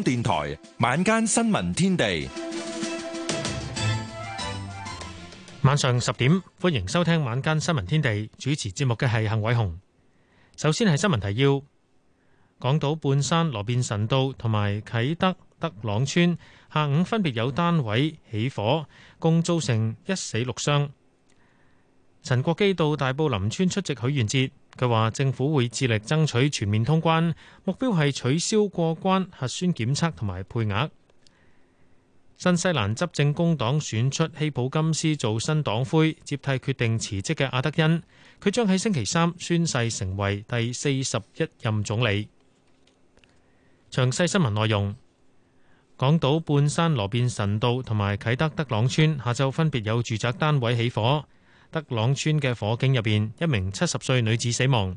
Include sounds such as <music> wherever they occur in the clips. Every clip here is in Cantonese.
港電台晚間新聞天地，晚上十點歡迎收聽晚間新聞天地。主持節目嘅係幸偉雄。首先係新聞提要：港島半山羅便臣道同埋啟德德朗村下午分別有單位起火，共造成一死六傷。陳國基到大埔林村出席許願節，佢話政府會致力爭取全面通關，目標係取消過關核酸檢測同埋配額。新西蘭執政工黨選出希普金斯做新黨魁，接替決定辭職嘅阿德恩，佢將喺星期三宣誓成為第四十一任總理。詳細新聞內容：港島半山羅便臣道同埋啟德德朗村下晝分別有住宅單位起火。德朗村嘅火警入面，一名七十歲女子死亡；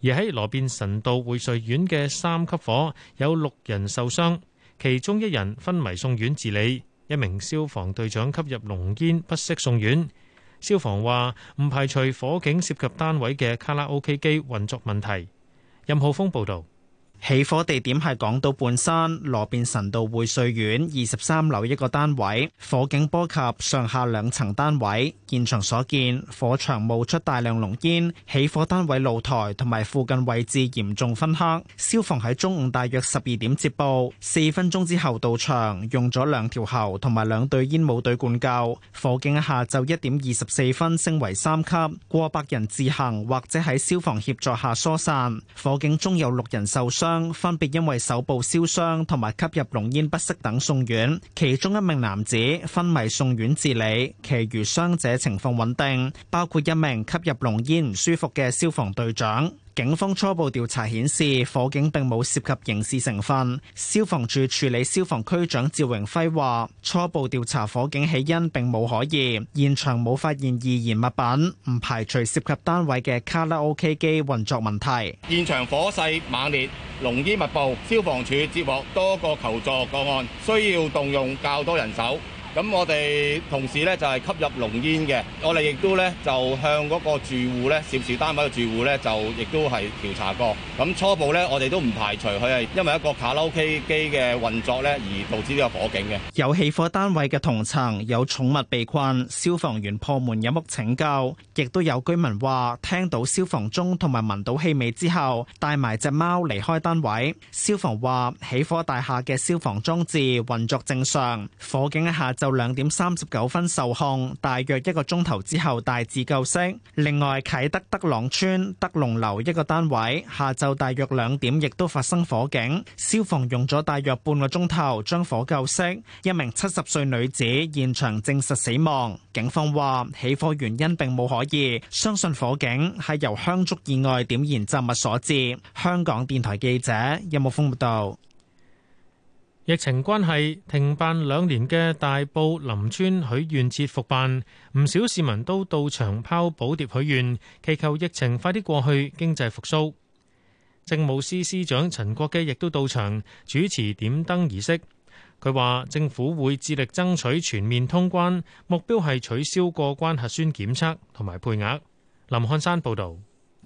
而喺羅便臣道會瑞苑嘅三級火，有六人受傷，其中一人昏迷送院治理，一名消防隊長吸入濃煙不適送院。消防話唔排除火警涉及單位嘅卡拉 O K 機運作問題。任浩峰報道。起火地點係港島半山羅便臣道匯瑞苑二十三樓一個單位，火警波及上下兩層單位。現場所見，火場冒出大量濃煙，起火單位露台同埋附近位置嚴重燻黑。消防喺中午大約十二點接報，四分鐘之後到場，用咗兩條喉同埋兩隊煙霧隊灌救。火警下晝一點二十四分升為三級，過百人自行或者喺消防協助下疏散，火警中有六人受傷。分別因為手部燒傷同埋吸入濃煙不適等送院，其中一名男子昏迷送院治理，其餘傷者情況穩定，包括一名吸入濃煙唔舒服嘅消防隊長。警方初步調查顯示，火警並冇涉及刑事成分。消防處處理消防區長趙榮輝話，初步調查火警起因並冇可疑，現場冇發現易燃物品，唔排除涉及單位嘅卡拉 OK 機運作問題。現場火勢猛烈，濃煙密佈，消防處接獲多個求助個案，需要動用較多人手。咁我哋同時咧就係吸入濃煙嘅，我哋亦都咧就向嗰個住戶咧涉事單位嘅住戶咧就亦都係調查過，咁初步咧，我哋都唔排除佢係因為一個卡拉 OK 機嘅運作咧而導致呢個火警嘅。有起火單位嘅同層有寵物被困，消防員破門入屋拯救，亦都有居民話聽到消防鐘同埋聞到氣味之後，帶埋隻貓離開單位。消防話起火大廈嘅消防裝置運作正常，火警喺下晝兩點三十九分受控，大約一個鐘頭之後大致救熄。另外，啟德德朗村德龍樓一個單位，下晝大約兩點亦都發生火警，消防用咗大約半個鐘頭將火救熄。一名七十歲女子現場證實死亡。警方話起火原因並冇可疑，相信火警係由香燭意外點燃雜物所致。香港電台記者任木峰報道。疫情關係停辦兩年嘅大埔林村許願節復辦，唔少市民都到場拋寶牒許願，祈求疫情快啲過去，經濟復甦。政務司司長陳國基亦都到場主持點燈儀式。佢話：政府會致力爭取全面通關，目標係取消過關核酸檢測同埋配額。林漢山報導。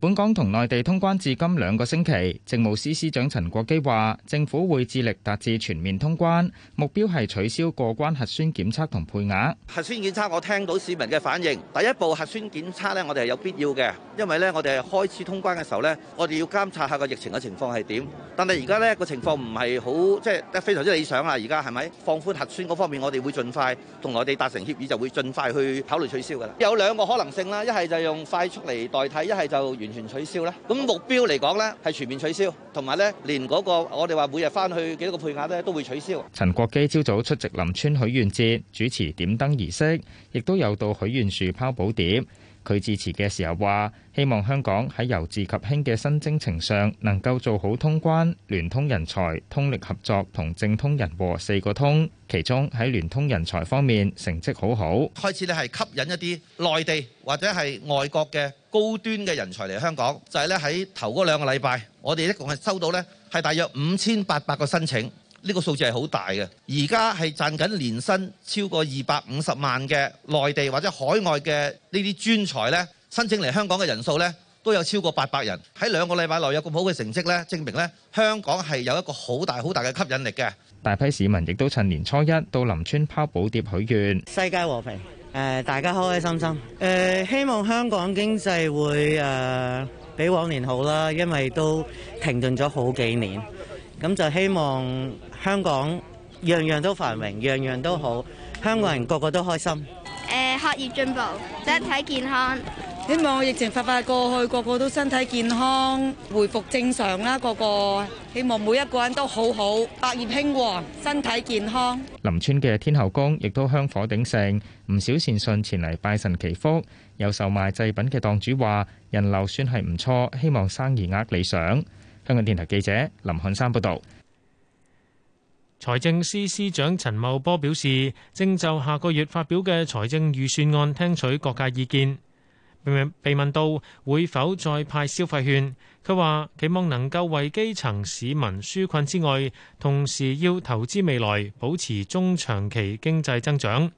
本港同內地通關至今兩個星期，政務司司長陳國基話，政府會致力達至全面通關，目標係取消過關核酸檢測同配額。核酸檢測，我聽到市民嘅反應，第一步核酸檢測呢，我哋係有必要嘅，因為呢，我哋係開始通關嘅時候呢，我哋要監察下個疫情嘅情況係點。但係而家呢個情況唔係好，即係非常之理想啊！而家係咪放寬核酸嗰方面，我哋會盡快同內地達成協議，就會盡快去考慮取消㗎啦。有兩個可能性啦，一係就用快速嚟代替，一係就完完全取消啦！咁目標嚟講咧，係全面取消，同埋咧，連嗰個我哋話每日翻去幾多個配額咧，都會取消。陳國基朝早出席林村許願節，主持點燈儀式，亦都有到許願樹拋寶牒。佢致辭嘅時候話：希望香港喺由自及興嘅新征程上，能夠做好通關、聯通人才、通力合作同政通人和四個通。其中喺聯通人才方面成績好好，開始咧係吸引一啲內地或者係外國嘅高端嘅人才嚟香港。就係咧喺頭嗰兩個禮拜，我哋一共係收到呢係大約五千八百個申請。呢個數字係好大嘅，而家係賺緊年薪超過二百五十萬嘅內地或者海外嘅呢啲專才咧，申請嚟香港嘅人數咧都有超過八百人，喺兩個禮拜內有咁好嘅成績咧，證明咧香港係有一個好大好大嘅吸引力嘅。大批市民亦都趁年初一到林村拋寶牒許願，世界和平，誒、呃、大家開開心心，誒、呃、希望香港經濟會誒、呃、比往年好啦，因為都停頓咗好幾年。咁就希望香港樣樣都繁榮，樣樣都好，香港人個個都開心。誒，學業進步，身體健康。希望疫情快快過去，個個都身體健康，回復正常啦。個個希望每一個人都好好，百業興旺，身體健康。林村嘅天后宮亦都香火鼎盛，唔少善信前嚟拜神祈福。有售賣祭品嘅檔主話：人流算係唔錯，希望生意額理想。香港電台記者林漢山報道，財政司司長陳茂波表示，正就下個月發表嘅財政預算案聽取各界意見，被問被問到會否再派消費券，佢話期望能夠為基層市民紓困之外，同時要投資未來，保持中長期經濟增長。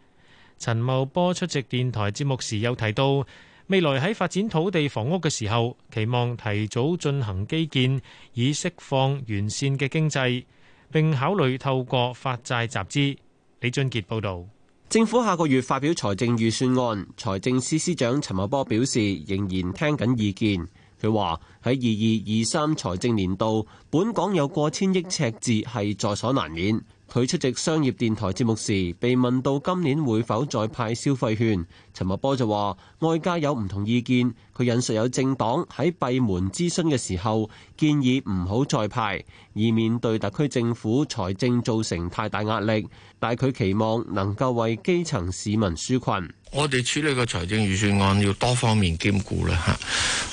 陳茂波出席電台節目時又提到。未來喺發展土地房屋嘅時候，期望提早進行基建，以釋放完善嘅經濟，並考慮透過發債集資。李俊傑報道，政府下個月發表財政預算案，財政司司長陳茂波表示仍然聽緊意見。佢話喺二二二三財政年度，本港有過千億赤字係在所難免。佢出席商業電台節目時，被問到今年會否再派消費券，陳茂波就話：外界有唔同意見，佢引述有政黨喺閉門諮詢嘅時候建議唔好再派，以免對特區政府財政造成太大壓力。但佢期望能夠為基層市民紓困。我哋處理個財政預算案要多方面兼顧啦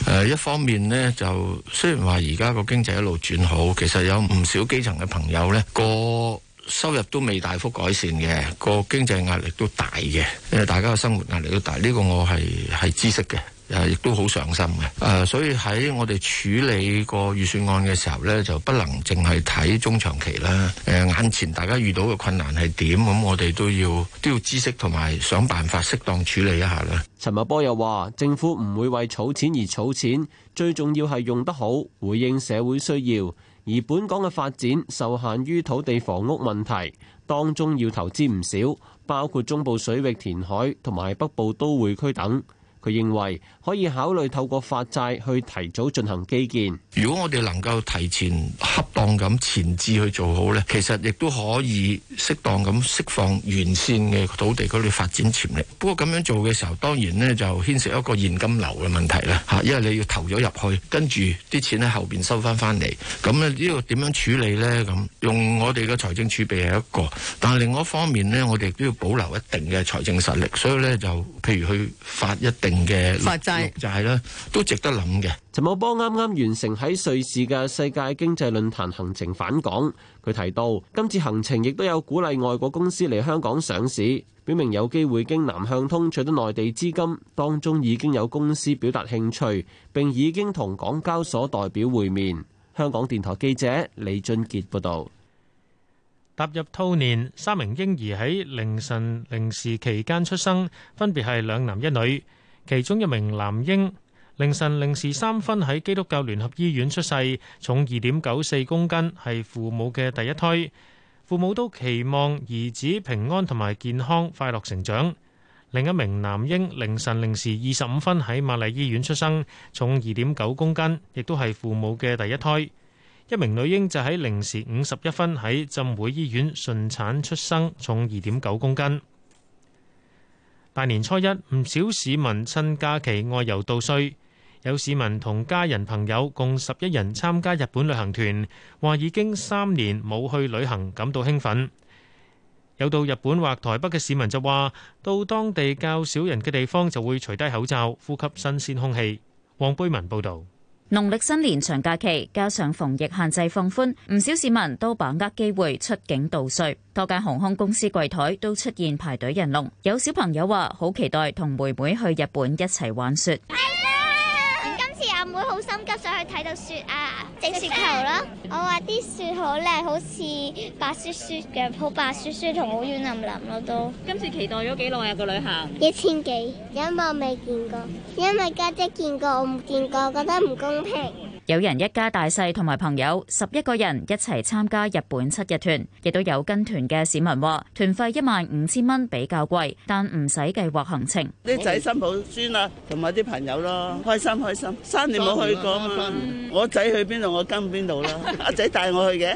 嚇。誒，一方面呢，就雖然話而家個經濟一路轉好，其實有唔少基層嘅朋友呢過。收入都未大幅改善嘅，個經濟壓力都大嘅，因為大家嘅生活壓力都大。呢、這個我係係知悉嘅，誒，亦都好上心嘅。誒、呃，所以喺我哋處理個預算案嘅時候咧，就不能淨係睇中長期啦。誒、呃，眼前大家遇到嘅困難係點？咁我哋都要都要知悉同埋想辦法適當處理一下啦。陳茂波又話：政府唔會為儲錢而儲錢，最重要係用得好，回應社會需要。而本港嘅發展受限於土地房屋問題，當中要投資唔少，包括中部水域填海同埋北部都會區等。佢認為可以考慮透過發債去提早進行基建。如果我哋能夠提前恰當咁前置去做好咧，其實亦都可以適當咁釋放沿線嘅土地嗰啲發展潛力。不過咁樣做嘅時候，當然咧就牽涉一個現金流嘅問題啦。吓，因為你要投咗入去，跟住啲錢喺後邊收翻翻嚟，咁咧呢個點樣處理咧？咁用我哋嘅財政儲備係一個，但係另外一方面咧，我哋都要保留一定嘅財政實力。所以咧就譬如去發一定嘅法制都值得諗嘅。陳茂波啱啱完成喺瑞士嘅世界經濟論壇行程返港，佢提到今次行程亦都有鼓勵外國公司嚟香港上市，表明有機會經南向通取得內地資金，當中已經有公司表達興趣，並已經同港交所代表會面。香港電台記者李俊杰報道。踏入兔年，三名嬰兒喺凌晨零時期間出生，分別係兩男一女。其中一名男嬰凌晨零時三分喺基督教聯合醫院出世，重二點九四公斤，係父母嘅第一胎。父母都期望兒子平安同埋健康快樂成長。另一名男嬰凌晨零時二十五分喺瑪麗醫院出生，重二點九公斤，亦都係父母嘅第一胎。一名女嬰就喺零時五十一分喺浸會醫院順產出生，重二點九公斤。大年初一，唔少市民趁假期外遊度歲，有市民同家人朋友共十一人參加日本旅行團，話已經三年冇去旅行，感到興奮。有到日本或台北嘅市民就話，到當地較少人嘅地方就會除低口罩，呼吸新鮮空氣，黃貝文報道。農曆新年長假期加上防疫限制放寬，唔少市民都把握機會出境度歲。多間航空公司櫃台都出現排隊人龍，有小朋友話好期待同妹妹去日本一齊玩雪。阿妹好心急想去睇到雪啊，整雪球啦！ <laughs> 我話啲雪好靚，好似白雪雪嘅，好白雪雪同好軟腍腍咯都。今次期待咗幾耐啊個旅行！一千幾，因為我未見過，因為家姐，姐見過我唔見過，覺得唔公平。有人一家大細同埋朋友十一個人一齊參加日本七日團，亦都有跟團嘅市民話團費一萬五千蚊比較貴，但唔使計劃行程。啲仔、心抱、孫啊，同埋啲朋友咯，開心開心，三年冇去過嘛、嗯、我仔去邊度，我跟邊度啦。阿仔帶我去嘅。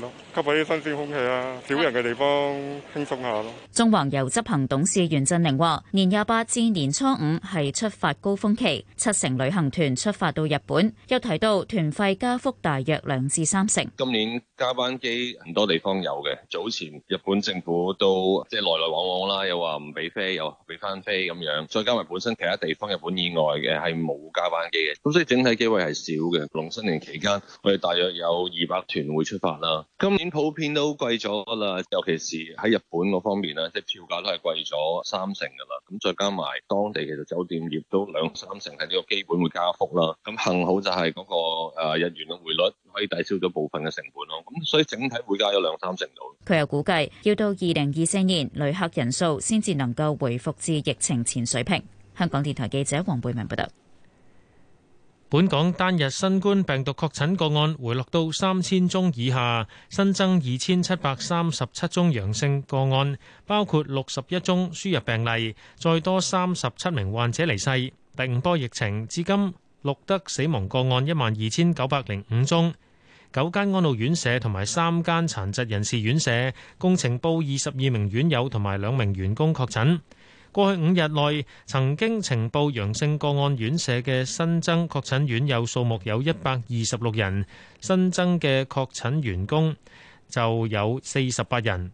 吸下啲新鮮空氣啊，少人嘅地方輕鬆下咯。中環遊執行董事袁振寧話，年廿八至年初五係出發高峰期，七成旅行團出發到日本。又提到團費加幅大約兩至三成。今年加班機很多地方有嘅，早前日本政府都即係、就是、來來往往啦，又話唔俾飛，又俾翻飛咁樣。再加埋本身其他地方日本以外嘅係冇加班機嘅，咁所以整體機位係少嘅。農新年期間我哋大約有二百團會出發啦。今年普遍都貴咗啦，尤其是喺日本嗰方面咧，即係票價都係貴咗三成噶啦。咁再加埋當地嘅酒店業都兩三成係呢個基本會加幅啦。咁幸好就係嗰個誒日元嘅匯率可以抵消咗部分嘅成本咯。咁所以整體會加咗兩三成度，佢又估計要到二零二四年旅客人數先至能夠回復至疫情前水平。香港電台記者黃貝文報道。本港單日新冠病毒確診個案回落到三千宗以下，新增二千七百三十七宗陽性個案，包括六十一宗輸入病例，再多三十七名患者離世。第五波疫情至今錄得死亡個案一萬二千九百零五宗，九間安老院舍同埋三間殘疾人士院舍工程部二十二名院友同埋兩名員工確診。過去五日內，曾經呈報陽性個案院舍嘅新增確診院友數目有一百二十六人，新增嘅確診員工就有四十八人。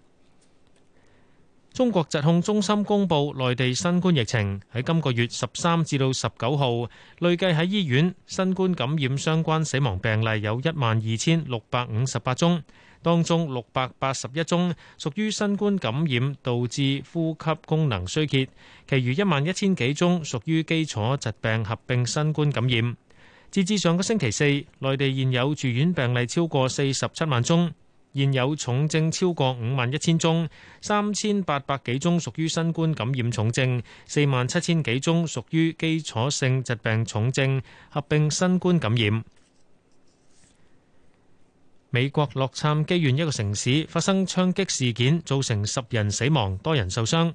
中國疾控中心公布，內地新冠疫情喺今個月十三至到十九號，累計喺醫院新冠感染相關死亡病例有一萬二千六百五十八宗。當中六百八十一宗屬於新冠感染導致呼吸功能衰竭，其餘一萬一千幾宗屬於基礎疾病合併新冠感染。截至上個星期四，內地現有住院病例超過四十七萬宗，現有重症超過五萬一千宗。三千八百幾宗屬於新冠感染重症，四萬七千幾宗屬於基礎性疾病重症合併新冠感染。美國洛杉磯縣一個城市發生槍擊事件，造成十人死亡，多人受傷。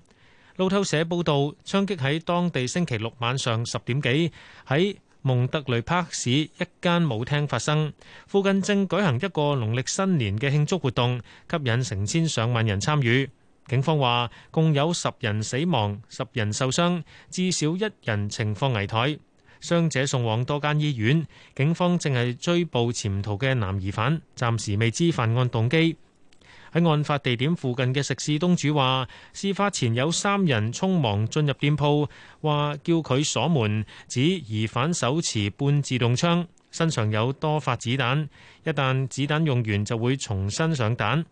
路透社報道，槍擊喺當地星期六晚上十點幾喺蒙特雷帕克市一間舞廳發生，附近正舉行一個農曆新年嘅慶祝活動，吸引成千上萬人參與。警方話，共有十人死亡，十人受傷，至少一人情況危殆。傷者送往多間醫院，警方正係追捕潛逃嘅男疑犯，暫時未知犯案動機。喺案發地點附近嘅食肆東主話，事發前有三人匆忙進入店鋪，話叫佢鎖門，指疑犯手持半自動槍，身上有多發子彈，一旦子彈用完就會重新上彈。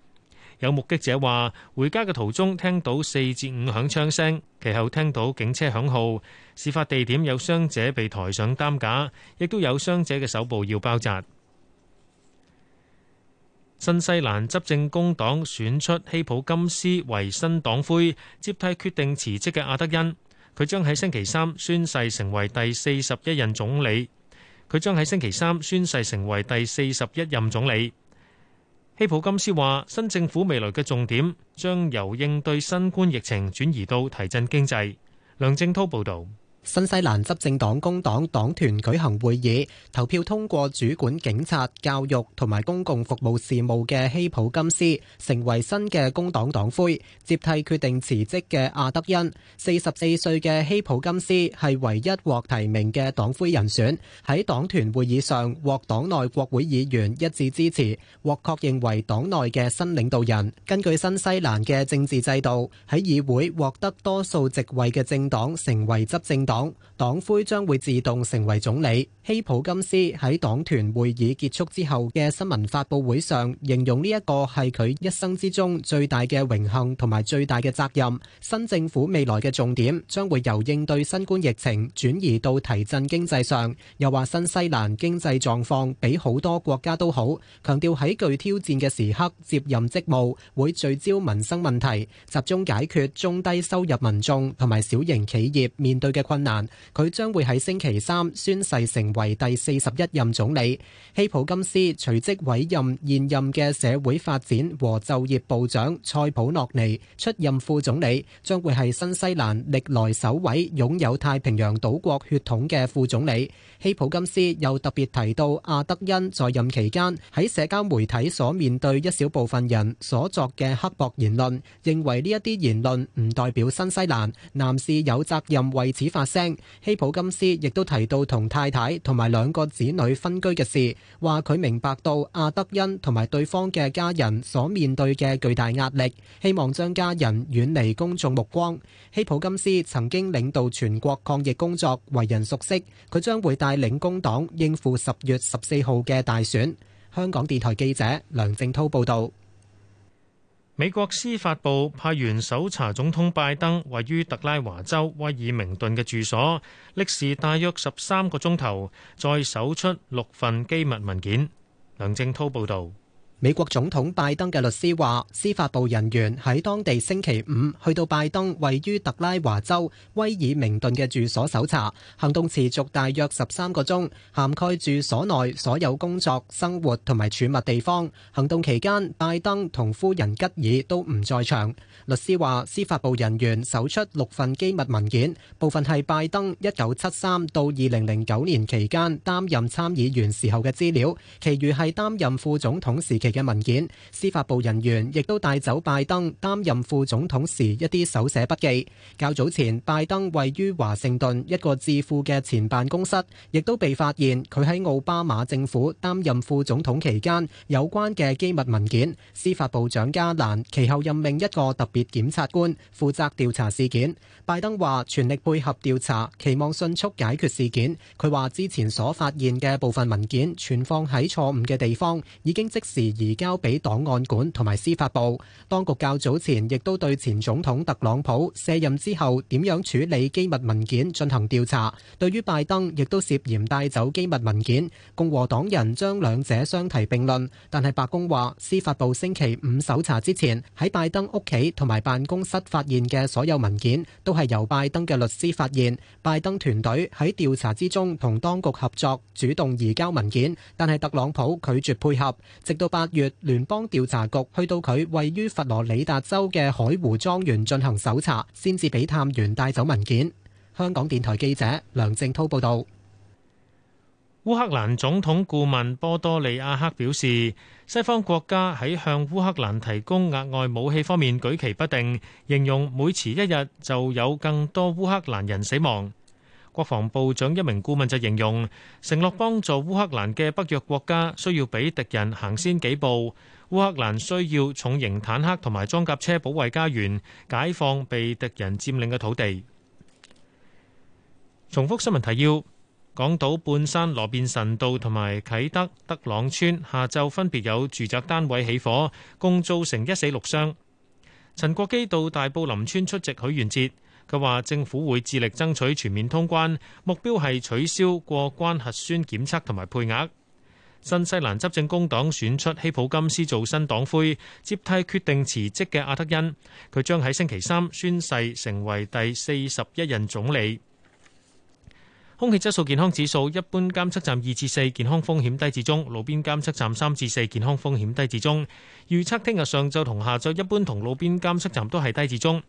有目擊者話：回家嘅途中聽到四至五響槍聲，其後聽到警車響號。事發地點有傷者被抬上擔架，亦都有傷者嘅手部要包紮。新西蘭執政工黨選出希普金斯為新黨魁，接替決定辭職嘅阿德恩。佢將喺星期三宣誓成為第四十一任總理。佢將喺星期三宣誓成為第四十一任總理。希普金斯話：新政府未來嘅重點將由應對新冠疫情轉移到提振經濟。梁正濤報道。新西蘭執政黨工黨黨團舉行會議，投票通過主管警察、教育同埋公共服務事務嘅希普金斯成為新嘅工黨黨魁，接替決定辭職嘅阿德恩。四十四歲嘅希普金斯係唯一獲提名嘅黨魁人選，喺黨團會議上獲黨內國會議員一致支持，獲確認為黨內嘅新領導人。根據新西蘭嘅政治制度，喺議會獲得多數席位嘅政黨成為執政。黨黨魁將會自動成為總理。希普金斯喺黨團會議結束之後嘅新聞發佈會上，形容呢一個係佢一生之中最大嘅榮幸同埋最大嘅責任。新政府未來嘅重點將會由應對新冠疫情轉移到提振經濟上，又話新西蘭經濟狀況比好多國家都好。強調喺具挑戰嘅時刻接任職務，會聚焦民生問題，集中解決中低收入民眾同埋小型企業面對嘅困。難，佢將會喺星期三宣誓成為第四十一任總理。希普金斯隨即委任現任嘅社會發展和就業部長塞普諾尼出任副總理，將會係新西蘭歷來首位擁有太平洋島國血統嘅副總理。希普金斯又特別提到阿德恩在任期間喺社交媒體所面對一小部分人所作嘅刻薄言論，認為呢一啲言論唔代表新西蘭男士有責任為此發聲。希普金斯亦都提到同太太同埋兩個子女分居嘅事，話佢明白到阿德恩同埋對方嘅家人所面對嘅巨大壓力，希望將家人遠離公眾目光。希普金斯曾經領導全國抗疫工作，為人熟悉，佢將會帶領工黨應付十月十四號嘅大選。香港電台記者梁正濤報道。美國司法部派員搜查總統拜登位於特拉華州威爾明頓嘅住所，歷時大約十三個鐘頭，再搜出六份機密文件。梁正滔報導。美國總統拜登嘅律師話，司法部人員喺當地星期五去到拜登位於特拉華州威爾明頓嘅住所搜查，行動持續大約十三個鐘，涵蓋住所內所有工作、生活同埋儲物地方。行動期間，拜登同夫人吉爾都唔在場。律師話，司法部人員搜出六份機密文件，部分係拜登一九七三到二零零九年期間擔任參議員時候嘅資料，其餘係擔任副總統時期。嘅文件，司法部人員亦都帶走拜登擔任副總統時一啲手寫筆記。較早前，拜登位於華盛頓一個致富嘅前辦公室，亦都被發現佢喺奧巴馬政府擔任副總統期間有關嘅機密文件。司法部長加蘭其後任命一個特別檢察官負責調查事件。拜登話全力配合調查，期望迅速解決事件。佢話之前所發現嘅部分文件存放喺錯誤嘅地方，已經即時。移交俾檔案館同埋司法部，當局較早前亦都對前總統特朗普卸任之後點樣處理機密文件進行調查。對於拜登，亦都涉嫌帶走機密文件，共和黨人將兩者相提並論。但係白宮話，司法部星期五搜查之前喺拜登屋企同埋辦公室發現嘅所有文件，都係由拜登嘅律師發現。拜登團隊喺調查之中同當局合作，主動移交文件，但係特朗普拒絕配合，直到八月，聯邦調查局去到佢位於佛羅里達州嘅海湖莊園進行搜查，先至俾探員帶走文件。香港電台記者梁正滔報道。烏克蘭總統顧問波多利亞克表示，西方國家喺向烏克蘭提供額外武器方面舉棋不定，形容每遲一日就有更多烏克蘭人死亡。國防部長一名顧問就形容，承諾幫助烏克蘭嘅北約國家需要俾敵人行先幾步。烏克蘭需要重型坦克同埋裝甲車保衛家園，解放被敵人佔領嘅土地。重複新聞提要：港島半山羅便臣道同埋啟德德朗村下晝分別有住宅單位起火，共造成一死六傷。陳國基到大埔林村出席許願節。佢話政府會致力爭取全面通關，目標係取消過關核酸檢測同埋配額。新西蘭執政工黨選出希普金斯做新黨魁，接替決定辭職嘅阿德恩。佢將喺星期三宣誓成為第四十一任總理。空氣質素健康指數，一般監測站二至四，健康風險低至中；路邊監測站三至四，健康風險低至中。預測聽日上晝同下晝，一般同路邊監測站都係低至中。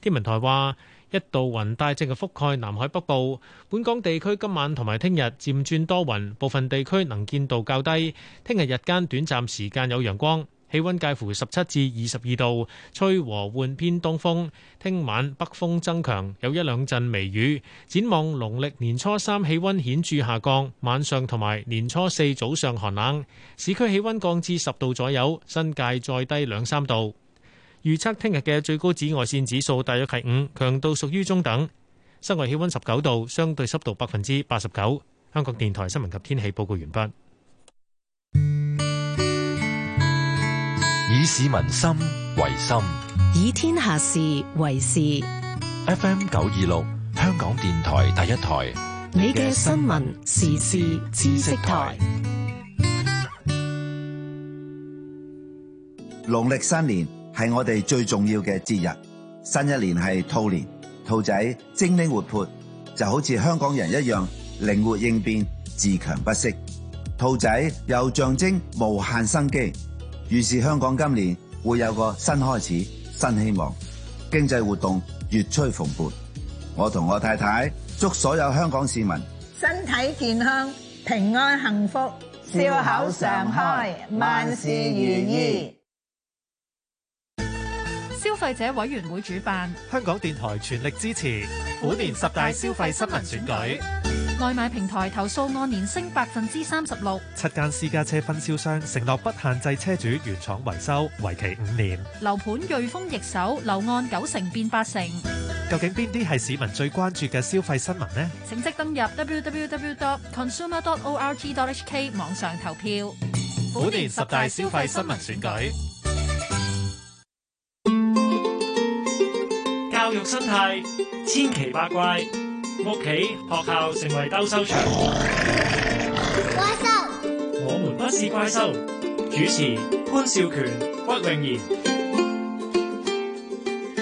天文台話，一道雲帶正係覆蓋南海北部，本港地區今晚同埋聽日漸轉多雲，部分地區能見度較低。聽日日間短暫時間有陽光，氣温介乎十七至二十二度，吹和緩偏東風。聽晚北風增強，有一兩陣微雨。展望農曆年初三氣温顯著下降，晚上同埋年初四早上寒冷，市區氣温降至十度左右，新界再低兩三度。預測聽日嘅最高紫外線指數大約係五，強度屬於中等。室外氣温十九度，相對濕度百分之八十九。香港電台新聞及天氣報告完畢。以市民心為心，以天下事為事。FM 九二六，香港電台第一台，你嘅新聞時事知識台。農曆新年。係我哋最重要嘅節日，新一年係兔年，兔仔精靈活潑，就好似香港人一樣靈活應變、自強不息。兔仔又象徵無限生機，預示香港今年會有個新開始、新希望，經濟活動越趨蓬勃。我同我太太祝所有香港市民身體健康、平安幸福、笑口常開、開、萬事如意。消費者委員會主辦，香港電台全力支持。本年十大消費新聞選舉，外賣平台投訴按年升百分之三十六。七間私家車分銷商承諾不限制車主原廠維修，為期五年。樓盤瑞豐易手，樓按九成變八成。究竟邊啲係市民最關注嘅消費新聞呢？請即登入 www.consumer.org.hk 網上投票。本年十大消費新聞選舉。生態千奇百怪，屋企學校成為鬥獸場。怪獸，我們不是怪獸。主持潘少權、屈穎妍。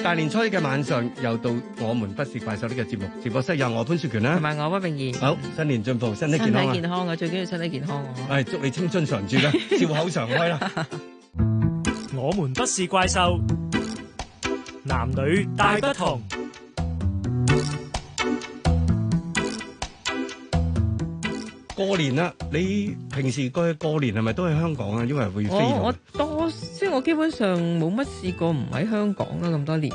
大年初一嘅晚上又到，我們不是怪獸呢個節目。直播室有我潘少權啦，同埋我屈穎妍。好，新年進步，身體健康。身體健康，我最緊要身體健康。我係祝你青春常駐啦，笑口常開啦。我們不是怪獸。男女大不同。過年啦，你平時過過年係咪都喺香港啊？因為會飛。我我多，即係我基本上冇乜試過唔喺香港啦，咁多年。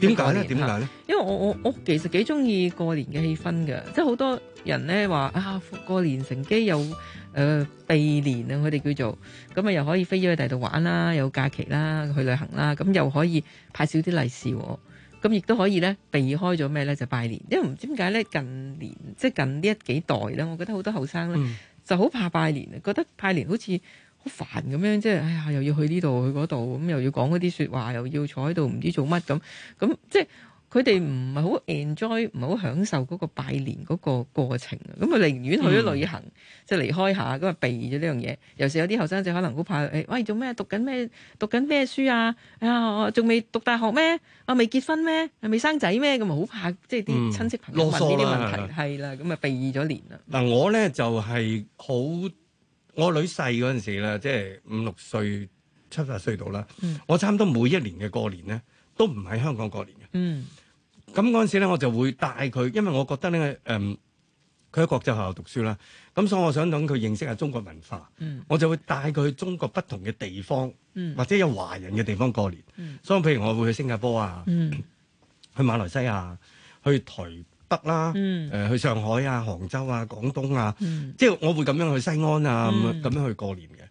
點解咧？點解咧？為呢，因為我我我其實幾中意過年嘅氣氛噶，即係好多人咧話啊過年乘機有誒避年啊，佢哋叫做咁啊，又可以飛咗去第度玩啦，有假期啦，去旅行啦，咁又可以派少啲利是，咁亦都可以咧避開咗咩咧？就拜年，因為唔知點解咧，近年即係近呢一幾代咧，我覺得好多後生咧就好怕拜年啊，嗯、覺得拜年好似。好煩咁樣，即係哎呀，又要去呢度去嗰度，咁又要講嗰啲說話，又要坐喺度唔知做乜咁，咁即係佢哋唔係好 enjoy，唔係好享受嗰個拜年嗰個過程啊，咁啊寧願去咗旅行，即係離開下，咁啊避咗呢樣嘢。嗯、尤其是有啲後生仔可能好怕，誒喂，做咩？讀緊咩？讀緊咩書啊？哎、啊，我仲未讀大學咩？我未結婚咩？未生仔咩？咁啊好怕，即係啲親戚朋友問呢啲問題係啦，咁啊避咗年啦。嗱，我咧就係好。我女細嗰陣時咧，即係五六歲、七八歲到啦。嗯、我差唔多每一年嘅過年咧，都唔喺香港過年嘅。咁嗰陣時咧，我就會帶佢，因為我覺得咧，誒、呃，佢喺國際學校讀書啦，咁所以我想等佢認識下中國文化。嗯、我就會帶佢去中國不同嘅地方，嗯、或者有華人嘅地方過年。嗯、所以譬如我會去新加坡啊，嗯、去馬來西亞，去台北啦，誒、嗯呃、去上海啊、杭州啊、廣東啊，嗯、即係我會咁樣去西安啊，咁、嗯、樣去過年嘅。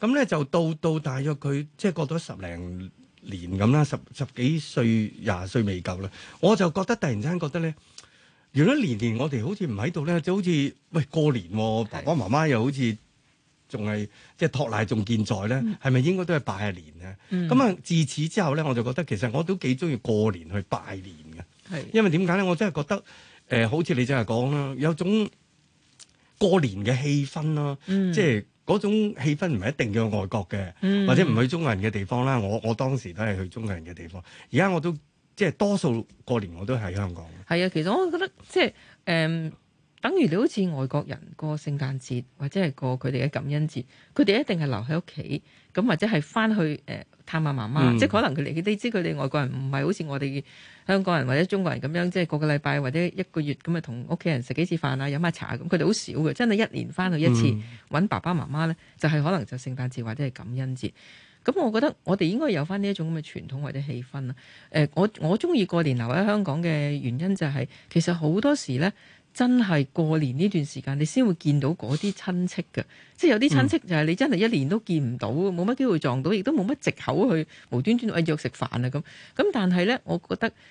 咁、嗯、咧就到到大約佢即係過咗十零年咁啦，十十幾歲、廿歲未夠啦，我就覺得突然之間覺得咧，如果年年我哋好似唔喺度咧，就好似喂過年、啊，爸爸媽媽又好似仲係即係托賴仲健在咧，係咪、嗯、應該都係拜下年咧？咁啊、嗯，嗯、自此之後咧，我就覺得其實我都幾中意過年去拜年。係，因為點解咧？我真係覺得，誒、呃，好似你真係講啦，有種過年嘅氣氛囉，嗯、即係嗰種氣氛唔係一定要外國嘅，嗯、或者唔去中國人嘅地方啦。我我當時都係去中國人嘅地方，而家我都即係多數過年我都喺香港。係啊，其實我覺得即係誒。呃等於你好似外國人過聖誕節或者係過佢哋嘅感恩節，佢哋一定係留喺屋企，咁或者係翻去誒探下媽媽。嗯、即係可能佢哋，你都知佢哋外國人唔係好似我哋香港人或者中國人咁樣，即係個個禮拜或者一個月咁啊，同屋企人食幾次飯啊，飲下茶咁。佢哋好少嘅，真係一年翻去一次揾、嗯、爸爸媽媽呢，就係、是、可能就聖誕節或者係感恩節。咁我覺得我哋應該有翻呢一種咁嘅傳統或者氣氛啊。誒、呃，我我鍾意過年留喺香港嘅原因就係、是、其實好多時呢。真係過年呢段時間，你先會見到嗰啲親戚㗎，即係有啲親戚就係你真係一年都見唔到，冇乜機會撞到，亦都冇乜藉口去無端端哎、約食飯啊咁。咁但係呢，我覺得。